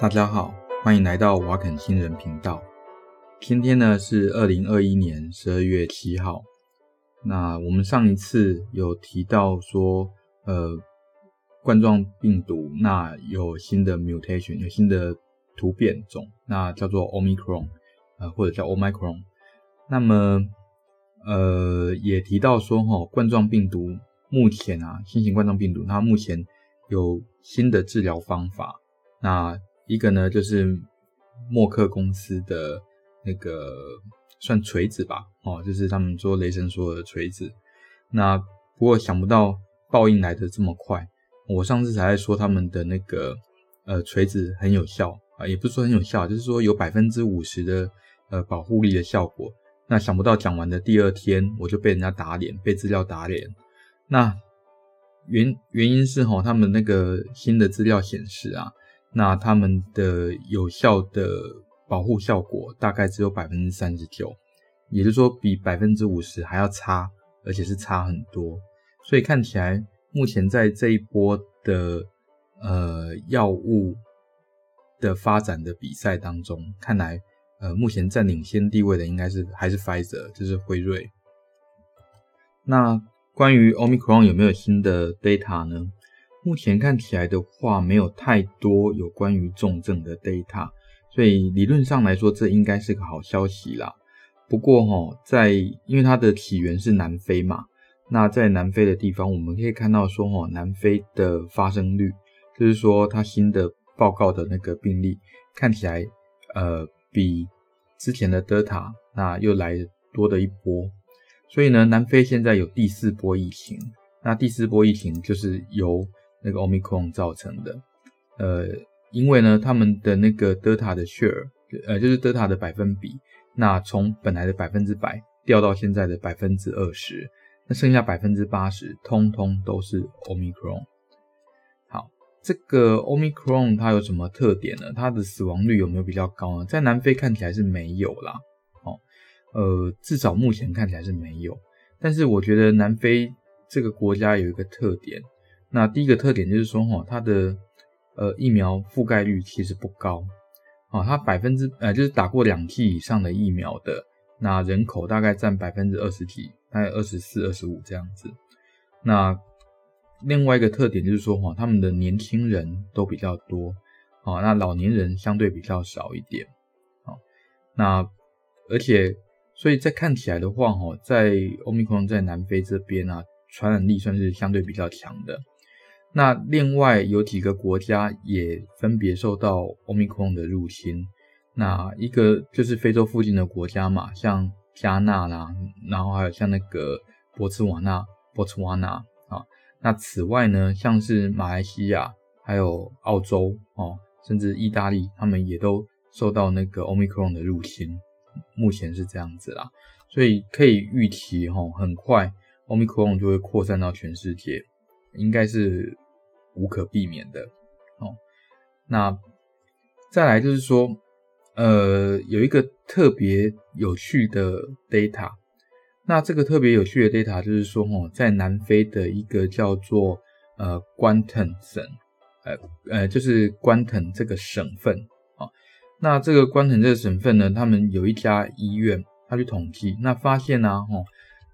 大家好，歡迎來到瓦肯星人頻道。今天呢是二零二一年十二月七號。那我們上一次有提到說，呃，冠狀病毒那有新的 mutation，有新的突變種，那叫做 Omicron，呃或者叫 Omicron。那麼，呃，也提到說哈、哦，冠狀病毒目前啊，新型冠狀病毒它目前有新的治療方法，那。一個呢，就是默克公司的那個算錘子吧，哦，就是他們說雷神說的錘子。那不過想不到報應來得這麼快。我上次才在說他們的那個呃錘子很有效啊、呃，也不是說很有效，就是說有百分之五十的呃保護力的效果。那想不到講完的第二天，我就被人家打臉，被資料打臉。那原原因是哈、哦，他們那個新的資料顯示啊。那他們的有效的保護效果大概只有百分之三十九，也就是說比百分之五十還要差，而且是差很多。所以看起來，目前在這一波的呃藥物的發展的比賽當中，看來呃目前佔領先地位的應該是還是 Pfizer，就是輝瑞。那關於 Omicron 有沒有新的 data 呢？目前看起來的話，沒有太多有關於重症的 data，所以理論上來說，這應該是個好消息啦。不過哈，在因為它的起源是南非嘛，那在南非的地方，我們可以看到說哈，南非的發生率，就是說它新的報告的那個病例，看起來呃比之前的 Delta 那又來多的一波，所以呢，南非現在有第四波疫情，那第四波疫情就是由那個奧密克戎造成的，呃，因為呢，他們的那個德爾塔的 share，呃，就是德爾塔的百分比，那從本來的百分之百掉到現在的百分之二十，那剩下百分之八十，通通都是奧密克戎。好，這個奧密克戎它有什麼特點呢？它的死亡率有沒有比較高呢？在南非看起來是沒有啦，哦，呃，至少目前看起來是沒有。但是我覺得南非這個國家有一個特點。那第一個特點就是說他，哈、呃，它的呃疫苗覆蓋率其實不高，啊，它百分之呃就是打過兩劑以上的疫苗的那人口大概占百分之二十幾，大概二十四、二十五這樣子。那另外一個特點就是說，哈，他們的年輕人都比較多，啊，那老年人相對比較少一點，啊，那而且所以在看起來的話，哈，在歐密克戎在南非這邊啊，傳染力算是相對比較強的。那另外有幾個國家也分別受到 Omicron 的入侵，那一個就是非洲附近的國家嘛，像加納啦，然後還有像那個博茨瓦納、博茨瓦納啊。那此外呢，像是馬來西亞、還有澳洲哦，甚至意大利，他們也都受到那個 Omicron 的入侵。目前是這樣子啦，所以可以預期哦，很快 Omicron 就會擴散到全世界。應該是無可避免的哦。那再來就是說，呃，有一個特別有趣的 data。那這個特別有趣的 data 就是說，哦，在南非的一個叫做呃關騰省，呃呃，就是關騰這個省份哦，那這個關騰這個省份呢，他們有一家醫院，他去統計，那發現呢、啊，哦。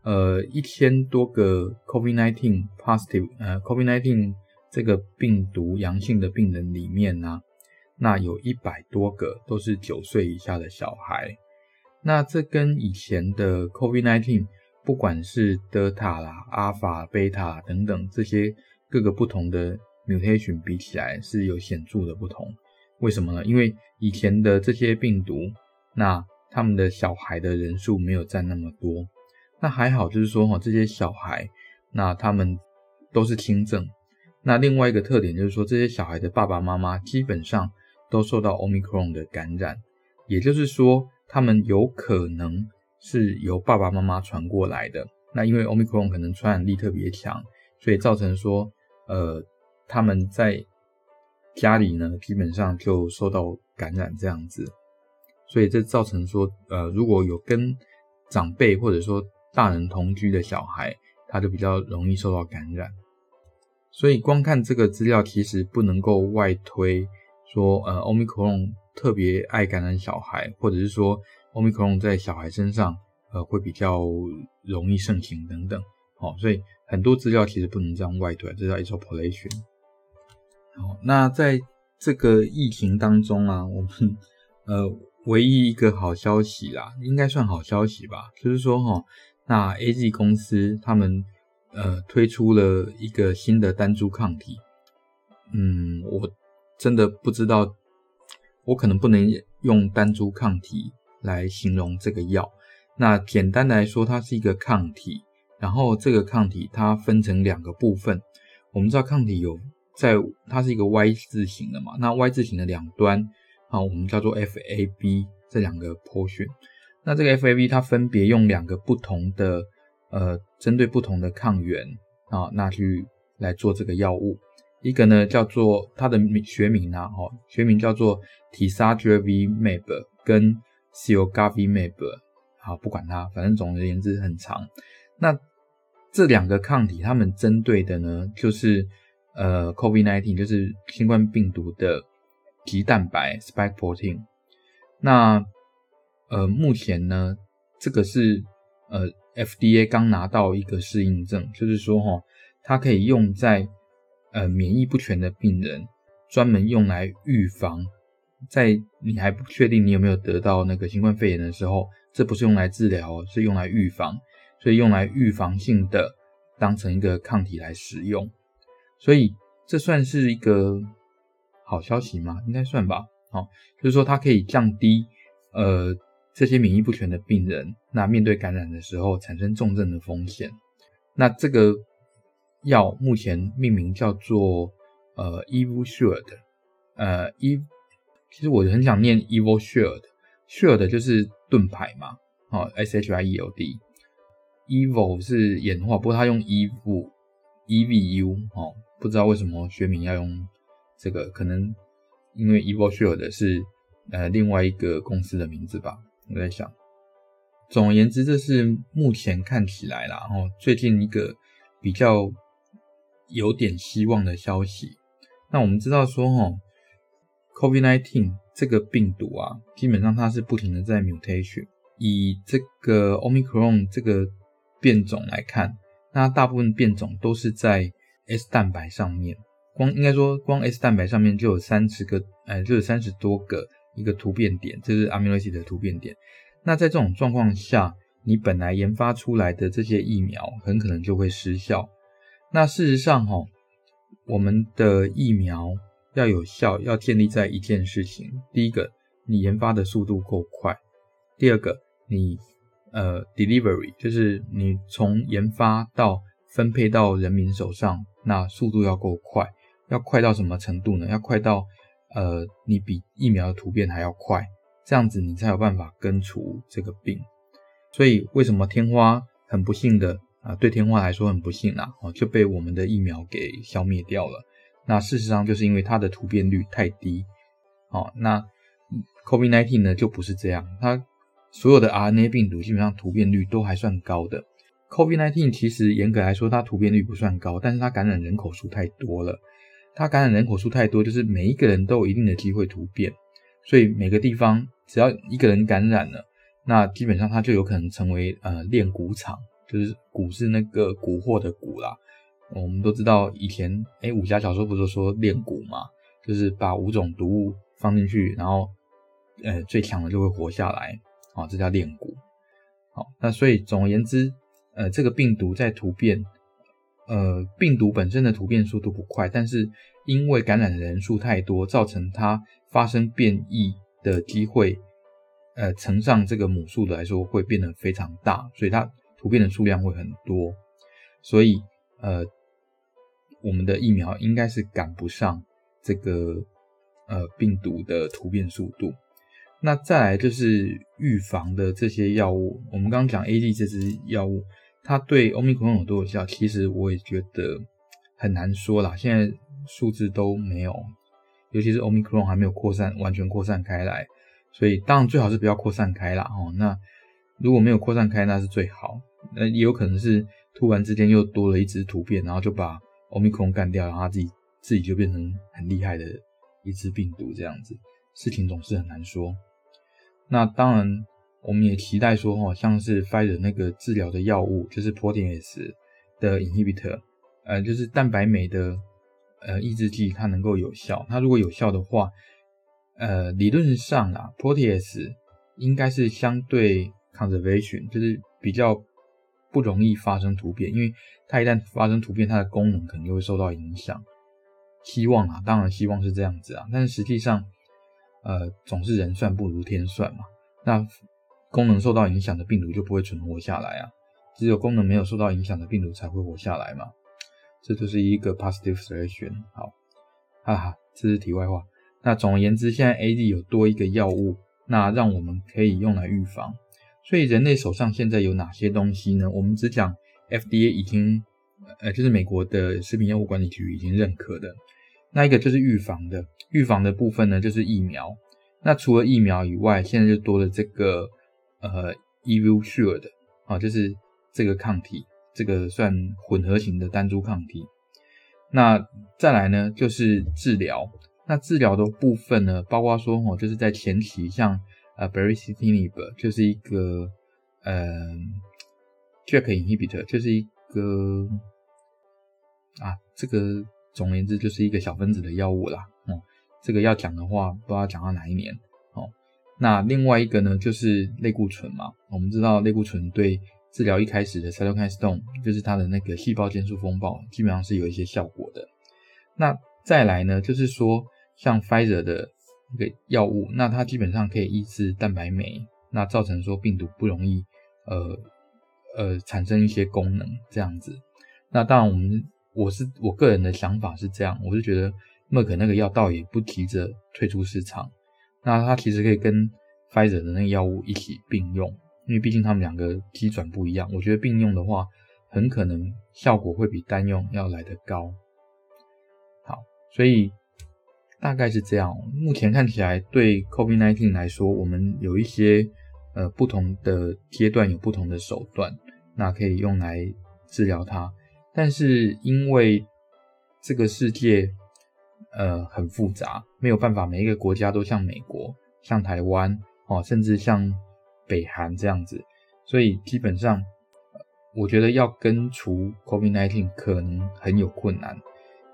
呃，一千多個 COVID-19 positive，呃 COVID-19 這個病毒陽性的病人裡面呢、啊，那有一百多個都是九歲以下的小孩。那這跟以前的 COVID-19，不管是德爾塔啦、阿法、貝塔等等這些各個不同的 mutation 比起來是有顯著的不同。為什麼呢？因為以前的這些病毒，那他們的小孩的人數沒有占那麼多。那還好，就是說哈，這些小孩，那他們都是輕症。那另外一個特點就是說，這些小孩的爸爸媽媽基本上都受到 Omicron 的感染，也就是說，他們有可能是由爸爸媽媽傳過來的。那因為 Omicron 可能傳染力特別強，所以造成說，呃，他們在家裡呢，基本上就受到感染這樣子。所以這造成說，呃，如果有跟長輩或者說大人同居的小孩，他就比較容易受到感染。所以光看這個資料，其實不能夠外推說，說呃，奧密克戎特別愛感染小孩，或者是說奧密克戎在小孩身上，呃，會比較容易盛行等等。哦，所以很多資料其實不能這樣外推，這叫 extrapolation。好，那在這個疫情當中啊，我們呃，唯一一個好消息啦，應該算好消息吧，就是說哈。哦那 AZ 公司他們呃推出了一個新的單株抗體，嗯，我真的不知道，我可能不能用單株抗體來形容這個藥。那簡單來說，它是一個抗體，然後這個抗體它分成兩個部分。我們知道抗體有在，它是一個 Y 字形的嘛，那 Y 字形的兩端啊，我們叫做 F A B 這兩個 portion。那這個 Fab，它分別用兩個不同的，呃，針對不同的抗原啊、哦，那去來做這個藥物。一個呢叫做它的學名呢、啊，哦，學名叫做 Tixagevimab 跟 Cilgavimab 啊，不管它，反正總而言之很長。那這兩個抗體，它們針對的呢，就是呃，COVID-19，就是新冠病毒的棘蛋白 Spike protein。那呃，目前呢，這個是呃，FDA 剛拿到一個適應症，就是說哦，它可以用在呃免疫不全的病人，專門用來預防，在你還不確定你有沒有得到那個新冠肺炎的時候，這不是用來治療，是用來預防，所以用來預防性的當成一個抗體來使用，所以這算是一個好消息嗎？應該算吧。好、哦，就是說它可以降低呃，這些免疫不全的病人，那面對感染的時候產生重症的風險。那這個藥目前命名叫做呃, Evil 呃 Evushield 呃 Ev，其實我很想念 Evushield Shield 就是盾牌嘛，哦 S H I E L D，Evil 是演化，不過他用、e、Evu，Evu，哦，不知道為什麼學名要用這個，可能因為 Evushield 是呃另外一個公司的名字吧。我在想，總而言之，這是目前看起來啦齁，然後最近一個比較有點希望的消息。那我們知道說齁，哈，COVID-19 這個病毒啊，基本上它是不停的在 mutation。以這個 Omicron 這個變種來看，那它大部分變種都是在 S 蛋白上面，光應該說光 S 蛋白上面就有三十個，呃，就有三十多個，一個突變點，這、就是 amino acid 的突變點。那在這種狀況下，你本來研發出來的這些疫苗很可能就會失效。那事實上，哦，哈，我們的疫苗要有效，要建立在一件事情：第一個，你研發的速度夠快；第二個，你呃 delivery，就是你從研發到分配到人民手上，那速度要夠快。要快到什麼程度呢？要快到。呃，你比疫苗的突變還要快，這樣子你才有辦法根除這個病。所以為什麼天花很不幸的啊、呃？對天花來說很不幸啦、啊，哦，就被我們的疫苗給消滅掉了。那事實上就是因為它的突變率太低。哦，那 COVID-19 呢就不是這樣，它所有的 RNA 病毒基本上突變率都還算高的。COVID-19 其實嚴格來說它突變率不算高，但是它感染人口數太多了。它感染人口數太多，就是每一個人都有一定的機會突變，所以每個地方只要一個人感染了，那基本上它就有可能成為呃煉蠱場，就是蠱是那個蠱惑的蠱啦。我們都知道以前誒武俠小說不是說煉蠱嗎？就是把五種毒物放進去，然後呃最強的就會活下來啊，哦，這叫煉蠱。好，那所以總而言之，呃這個病毒在突變。呃，病毒本身的突變速度不快，但是因為感染的人數太多，造成它發生變異的機會，呃，乘上這個母數的來說會變得非常大，所以它突變的數量會很多，所以呃，我們的疫苗應該是趕不上這個呃病毒的突變速度。那再來就是預防的這些藥物，我們剛剛講 A D 這支藥物。它對奧密克戎有多有效？其實我也覺得很難說啦。現在數字都沒有，尤其是奧密克戎還沒有擴散完全擴散開來，所以當然最好是不要擴散開啦。哦，那如果沒有擴散開，那是最好。那也有可能是突然之間又多了一隻突變，然後就把奧密克戎幹掉，然後它自己自己就變成很厲害的一隻病毒這樣子。事情總是很難說。那當然。我們也期待說，哈，像是 Pfizer 那個治療的藥物，就是 protease 的 inhibitor，呃，就是蛋白酶的呃抑制劑，它能夠有效。它如果有效的話，呃，理論上啊，protease 應該是相對 conservation，就是比較不容易發生突變，因為它一旦發生突變，它的功能肯定會受到影響。希望啊，當然希望是這樣子啊，但是實際上，呃，總是人算不如天算嘛，那。功能受到影響的病毒就不會存活下來啊，只有功能沒有受到影響的病毒才會活下來嘛，這就是一個 positive selection。好，哈、啊、哈，這是題外話。那總而言之，現在 AD 有多一個藥物，那讓我們可以用來預防。所以人類手上現在有哪些東西呢？我們只講 FDA 已經，呃，就是美國的食品藥物管理局已經認可的那一個就是預防的，預防的部分呢就是疫苗。那除了疫苗以外，現在就多了這個。呃 Evusheld 的啊、哦，就是這個抗體，這個算混合型的單株抗體。那再來呢，就是治療。那治療的部分呢，包括說哦，就是在前期，像呃，Baricitinib 就是一個嗯、呃、，JAK inhibitor 就是一個啊，這個總而言之，就是一個小分子的藥物啦。哦，這個要講的話，不知道要講到哪一年。那另外一個呢，就是類固醇嘛。我們知道類固醇對治療一開始的 cytokine storm 就是它的那個細胞間素風暴，基本上是有一些效果的。那再來呢，就是說像 Pfizer 的那個藥物，那它基本上可以抑制蛋白酶，那造成說病毒不容易呃呃產生一些功能這樣子。那當然我們，我們我是我個人的想法是這樣，我是覺得默克那個藥倒也不急着退出市場。那它其實可以跟 Pfizer 的那藥物一起併用，因為畢竟他們兩個機轉不一樣。我覺得併用的話，很可能效果會比單用要來得高。好，所以大概是這樣。目前看起來對，對 COVID-19 來說，我們有一些呃不同的階段有不同的手段，那可以用來治療它。但是因為這個世界。呃，很複雜，沒有辦法，每一個國家都像美國、像台灣，哦，甚至像北韓這樣子，所以基本上，我覺得要根除 COVID-19 可能很有困難。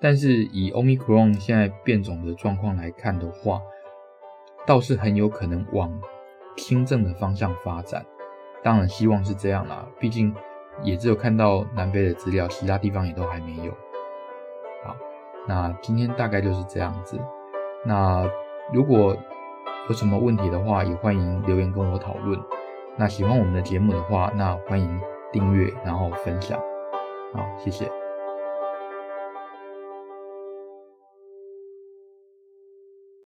但是以 Omicron 現在變種的狀況來看的話，倒是很有可能往輕症的方向發展。當然，希望是這樣啦，畢竟也只有看到南非的資料，其他地方也都還沒有。那今天大概就是這樣子。那如果有什麼問題的話，也歡迎留言跟我討論。那喜歡我們的節目的話，那歡迎訂閱，然後分享。好，謝謝。